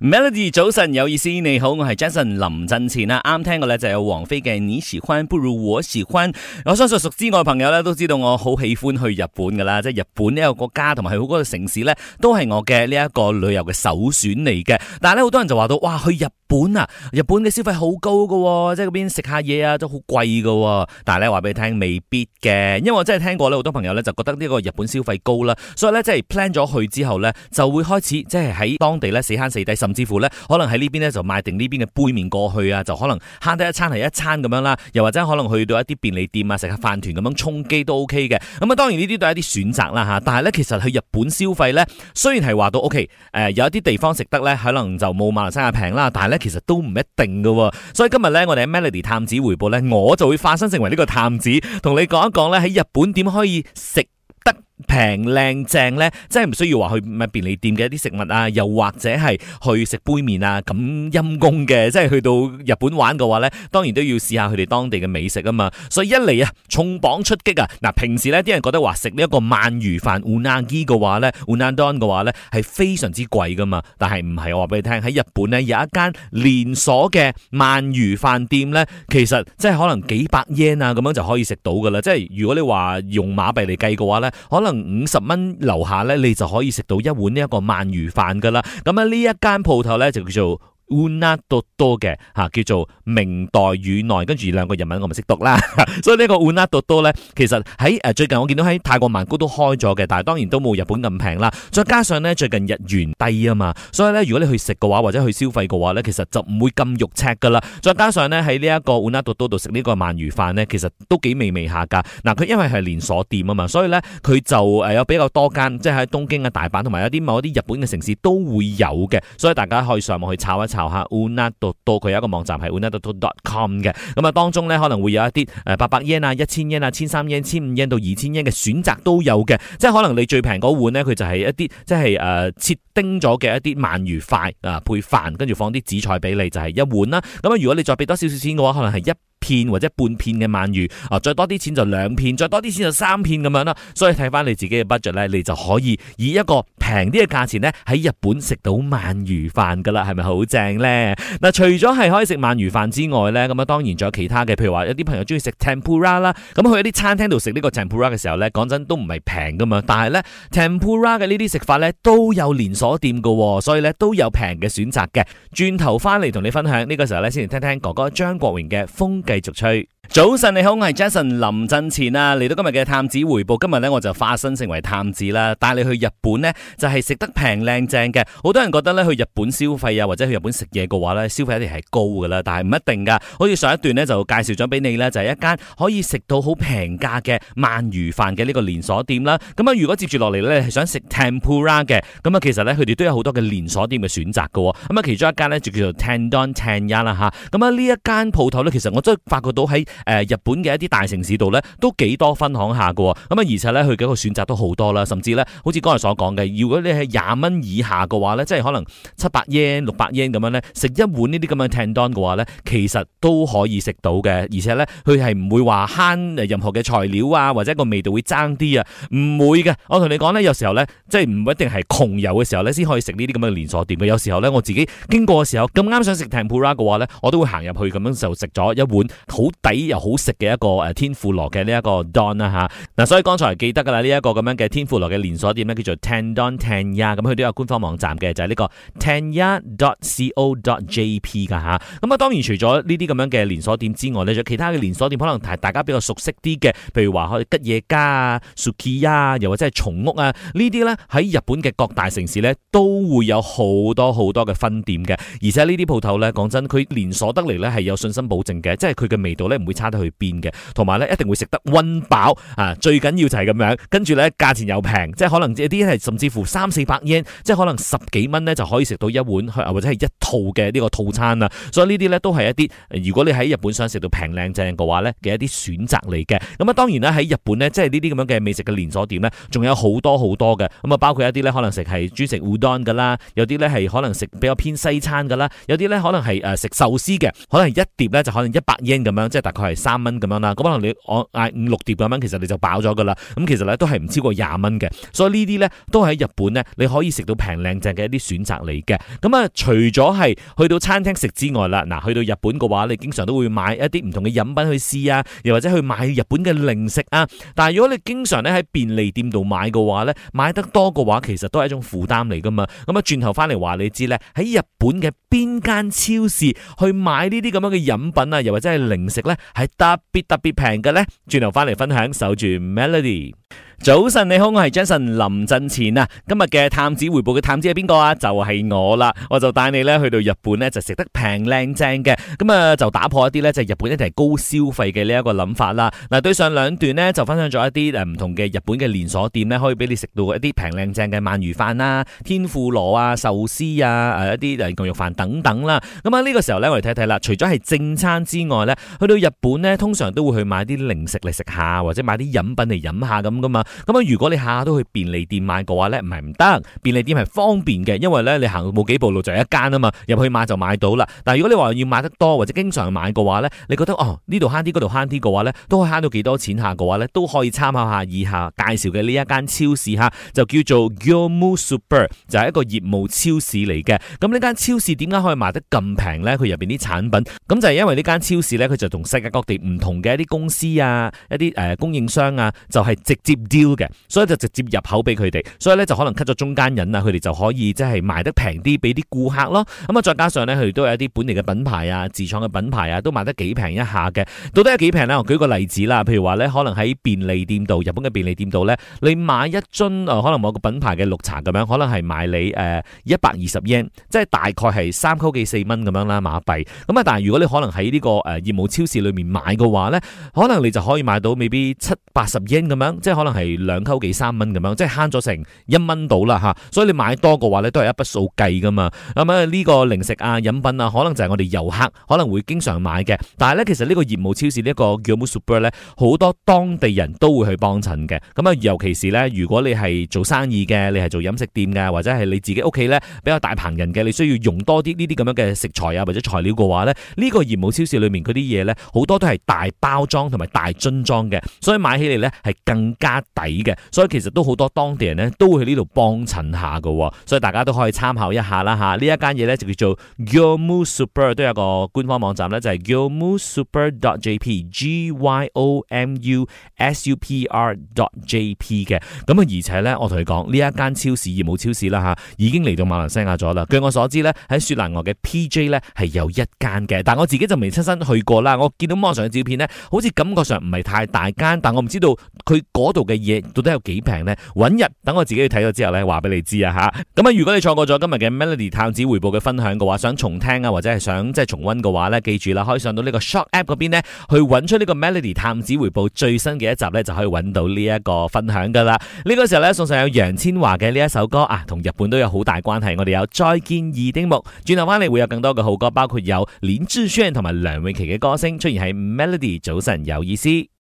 Melody 早晨有意思，你好，我係 Jason 林振前啊，啱聽嘅咧就有王菲嘅你喜歡不如我喜歡，我相信熟知我嘅朋友咧都知道我好喜歡去日本噶啦，即係日本呢一個國家同埋好多城市咧，都係我嘅呢一個旅遊嘅首選嚟嘅，但係咧好多人就話到哇去日本、哦就是、啊，日本嘅消費好高噶，即係嗰邊食下嘢啊都好貴噶、哦。但係咧話俾你聽，未必嘅，因為我真係聽過好多朋友咧就覺得呢個日本消費高啦，所以咧即係 plan 咗去之後呢，就會開始即係喺當地咧死慳死抵，甚至乎呢可能喺呢邊呢就買定呢邊嘅杯麵過去啊，就可能慳得一餐係一餐咁樣啦。又或者可能去到一啲便利店啊，食下飯團咁樣充飢都 OK 嘅。咁、嗯、啊，當然呢啲都係一啲選擇啦、啊、嚇。但係呢，其實去日本消費呢，雖然係話到 OK，誒、呃、有一啲地方食得呢可能就冇馬來西亞平啦，但係其實都唔一定噶，所以今日咧，我哋喺 Melody 探子回報咧，我就會化身成為呢個探子，同你講一講咧喺日本點可以食得。平靚正咧，即係唔需要話去乜便利店嘅一啲食物啊，又或者係去食杯麵啊咁陰公嘅，即係去到日本玩嘅話咧，當然都要試下佢哋當地嘅美食啊嘛。所以一嚟啊，重磅出擊啊！嗱，平時呢啲人覺得話食呢一個鰻魚飯烏南基嘅話咧，烏南 don 嘅話咧係非常之貴噶嘛。但係唔係我話俾你聽，喺日本呢有一間連鎖嘅鰻魚飯店咧，其實即係可能幾百 yen 啊咁樣就可以食到噶啦。即係如果你話用馬幣嚟計嘅話咧，可能。可能五十蚊樓下咧，你就可以食到一碗呢一個鰻魚飯噶啦。咁啊，呢一間鋪頭咧就叫做。烏拉多多嘅嚇，叫做明代宇內，跟住兩個日文我唔識讀啦，所以呢一個烏拉多多咧，其實喺誒最近我見到喺泰國曼谷都開咗嘅，但係當然都冇日本咁平啦。再加上咧最近日元低啊嘛，所以咧如果你去食嘅話，或者去消費嘅話咧，其實就唔會咁肉赤噶啦。再加上咧喺呢一個烏拉多多度食呢個鰻魚飯咧，其實都幾美味下噶。嗱，佢因為係連鎖店啊嘛，所以咧佢就誒有比較多間，即係喺東京啊、大阪同埋有啲某一啲日本嘅城市都會有嘅，所以大家可以上網去查一查。查下 Unatoto 佢有一個網站係 unatoto.com 嘅，咁啊當中咧可能會有一啲誒八百 yen 啊、一千 yen 啊、千三 yen 千五 yen 到二千 yen 嘅選擇都有嘅，即係可能你最平嗰碗咧，佢就係一啲即係誒、呃、切丁咗嘅一啲鰻魚塊啊、呃，配飯跟住放啲紫菜俾你，就係、是、一碗啦。咁啊，如果你再俾多少少錢嘅話，可能係一片或者半片嘅鰻魚，啊再多啲錢就兩片，再多啲錢就三片咁樣啦。所以睇翻你自己嘅 budget 咧，你就可以以一個平啲嘅價錢咧喺日本食到鰻魚飯噶啦，係咪好正咧？嗱，除咗係可以食鰻魚飯之外咧，咁啊當然仲有其他嘅，譬如話有啲朋友中意食 tempura 啦，咁去一啲餐廳度食呢個 tempura 嘅時候咧，講真都唔係平噶嘛。但係咧 tempura 嘅呢啲食法咧都有連鎖店噶，所以咧都有平嘅選擇嘅。轉頭翻嚟同你分享呢個時候咧，先嚟聽聽哥哥張國榮嘅風景。繼續吹。早晨，你好，我係 Jason 林振前啊！嚟到今日嘅探子回報，今日呢，我就化身成為探子啦，帶你去日本呢，就係食得平靚正嘅。好多人覺得呢，去日本消費啊，或者去日本食嘢嘅話呢，消費一定係高噶啦，但係唔一定噶。好似上一段呢，就介紹咗俾你呢，就係一間可以食到好平價嘅鰻魚飯嘅呢個連鎖店啦。咁啊，如果接住落嚟呢，係想食 tempura 嘅，咁啊其實呢，佢哋都有好多嘅連鎖店嘅選擇噶。咁啊，其中一間呢，就叫做 Tendon Tenya 啦吓。咁啊呢一間鋪頭呢，其實我都發覺到喺。誒日本嘅一啲大城市度咧，都幾多分行下嘅喎，咁啊，而且咧佢幾個選擇都好多啦，甚至咧好似剛才所講嘅，如果你喺廿蚊以下嘅話咧，即係可能七百 yen、六百 yen e 咁樣咧，食一碗呢啲咁樣 tempura 嘅話咧，其實都可以食到嘅，而且咧佢係唔會話慳任何嘅材料啊，或者個味道會爭啲啊，唔會嘅。我同你講咧，有時候咧，即係唔一定係窮遊嘅時候咧，先可以食呢啲咁嘅連鎖店嘅，有時候咧我自己經過嘅時候咁啱想食 tempura 嘅話咧，我都會行入去咁樣就食咗一碗好抵，又好食嘅一個誒天婦羅嘅呢一個 don 啦嚇嗱，所以剛才記得㗎啦，呢、這、一個咁樣嘅天婦羅嘅連鎖店咧叫做 Tendon Tenya，咁佢都有官方網站嘅，就係、是、呢個 Tenya.co.jp 噶吓，咁啊，當然除咗呢啲咁樣嘅連鎖店之外咧，仲有其他嘅連鎖店，可能大家比較熟悉啲嘅，譬如話可以吉野家啊、Sukiya 啊，又或者係松屋啊，呢啲咧喺日本嘅各大城市咧都會有好多好多嘅分店嘅，而且呢啲鋪頭咧講真，佢連鎖得嚟咧係有信心保證嘅，即係佢嘅味道咧唔會。差得去邊嘅，同埋咧一定會食得溫飽啊！最緊要就係咁樣，跟住咧價錢又平，即係可能有啲係甚至乎三四百 yen，即係可能十幾蚊咧就可以食到一碗或者係一套嘅呢個套餐啊！所以呢啲咧都係一啲，如果你喺日本想食到平靚正嘅話咧嘅一啲選擇嚟嘅。咁啊，當然啦，喺日本咧，即係呢啲咁樣嘅美食嘅連鎖店咧，仲有好多好多嘅。咁啊，包括一啲咧可能食係專食烏冬嘅啦，有啲咧係可能食比較偏西餐嘅啦，有啲咧可能係誒食壽司嘅，可能，呃、可能一碟咧就可能一百 yen 咁樣，即係大概。係三蚊咁樣啦，咁可能你我嗌五六碟咁樣，其實你就飽咗噶啦。咁其實咧都係唔超過廿蚊嘅，所以呢啲呢都係喺日本呢，你可以食到平靚正嘅一啲選擇嚟嘅。咁、嗯、啊，除咗係去到餐廳食之外啦，嗱，去到日本嘅話，你經常都會買一啲唔同嘅飲品去試啊，又或者去買日本嘅零食啊。但係如果你經常咧喺便利店度買嘅話呢，買得多嘅話，其實都係一種負擔嚟噶嘛。咁、嗯、啊，轉頭翻嚟話你知呢喺日本嘅邊間超市去買呢啲咁樣嘅飲品啊，又或者係零食呢，係特別特別平嘅呢，轉頭翻嚟分享守住 Melody。早晨你好，我係 Jason 林振前啊。今日嘅探子回報嘅探子係邊個啊？就係、是、我啦，我就帶你咧去到日本呢，就食得平靚正嘅，咁啊就打破一啲呢，就日本一定係高消費嘅呢一個諗法啦。嗱，對上兩段呢，就分享咗一啲唔同嘅日本嘅連鎖店呢，可以俾你食到一啲平靚正嘅鰻魚飯啊、天婦羅啊、壽司啊、誒一啲誒牛肉飯等等啦。咁啊呢個時候呢，我哋睇睇啦，除咗係正餐之外呢，去到日本呢，通常都會去買啲零食嚟食下，或者買啲飲品嚟飲下咁噶嘛。咁啊！如果你下下都去便利店買嘅話咧，唔係唔得。便利店係方便嘅，因為咧你行冇幾步路就有一間啊嘛，入去買就買到啦。但係如果你話要買得多或者經常買嘅話咧，你覺得哦呢度慳啲，嗰度慳啲嘅話咧，都可以慳到幾多錢下嘅話咧，都可以參考下以下介紹嘅呢一間超市吓，就叫做 Gyomu Super，就係一個業務超市嚟嘅。咁呢間超市點解可以賣得咁平咧？佢入邊啲產品咁就係因為呢間超市咧，佢就同世界各地唔同嘅一啲公司啊，一啲誒、呃、供應商啊，就係、是、直接。嘅，所以就直接入口俾佢哋，所以咧就可能 cut 咗中間人啊，佢哋就可以即係賣得平啲俾啲顧客咯。咁啊，再加上咧，佢哋都有一啲本地嘅品牌啊，自創嘅品牌啊，都賣得幾平一下嘅。到底有幾平咧？我舉個例子啦，譬如話咧，可能喺便利店度，日本嘅便利店度咧，你買一樽誒，可能某個品牌嘅綠茶咁樣，可能係賣你誒一百二十 yen，即係大概係三箍幾四蚊咁樣啦馬幣。咁啊，但係如果你可能喺呢個誒、呃、業務超市裏面買嘅話咧，可能你就可以買到未必七八十 yen 咁樣，即係可能係。兩勾幾三蚊咁樣，即係慳咗成一蚊到啦吓，所以你買多嘅話咧，都係一筆數計噶嘛。咁、嗯、啊，呢、這個零食啊、飲品啊，可能就係我哋遊客可能會經常買嘅。但係咧，其實呢個業務超市呢一、這個叫 Super 咧，好多當地人都會去幫襯嘅。咁啊，尤其是咧，如果你係做生意嘅，你係做飲食店嘅，或者係你自己屋企咧比較大棚人嘅，你需要用多啲呢啲咁樣嘅食材啊或者材料嘅話咧，呢、這個業務超市裏面嗰啲嘢咧，好多都係大包裝同埋大樽裝嘅，所以買起嚟咧係更加。底嘅，所以其實都好多當地人咧都會喺呢度幫襯下嘅、哦，所以大家都可以參考一下啦吓。呢一間嘢咧就叫做 Yomu Super，都有個官方網站咧就係、是、Yomu Super dot J P G Y O M U S U P R dot J P 嘅。咁啊，而且咧我同你講，呢一間超市、業務超市啦吓，已經嚟到馬來西亞咗啦。據我所知咧，喺雪蘭莪嘅 PJ 咧係有一間嘅，但我自己就未親身去過啦。我見到網上嘅照片咧，好似感覺上唔係太大間，但我唔知道佢嗰度嘅。到底有幾平呢？揾日等我自己去睇咗之後呢，話俾你知啊嚇！咁啊，如果你錯過咗今日嘅 Melody 探子回報嘅分享嘅話，想重聽啊或者係想即係重温嘅話呢，記住啦，可以上到個呢個 Shock App 嗰邊咧，去揾出呢、呢個 Melody 探子回報最新嘅一集呢，就可以揾到呢一個分享噶啦。呢、呢個時候呢，送上有楊千嬅嘅呢一首歌啊，同日本都有好大關係。我哋有再見二丁目，轉頭翻嚟會有更多嘅好歌，包括有連志炫同埋梁詠琪嘅歌聲出現喺 Melody 早晨有意思。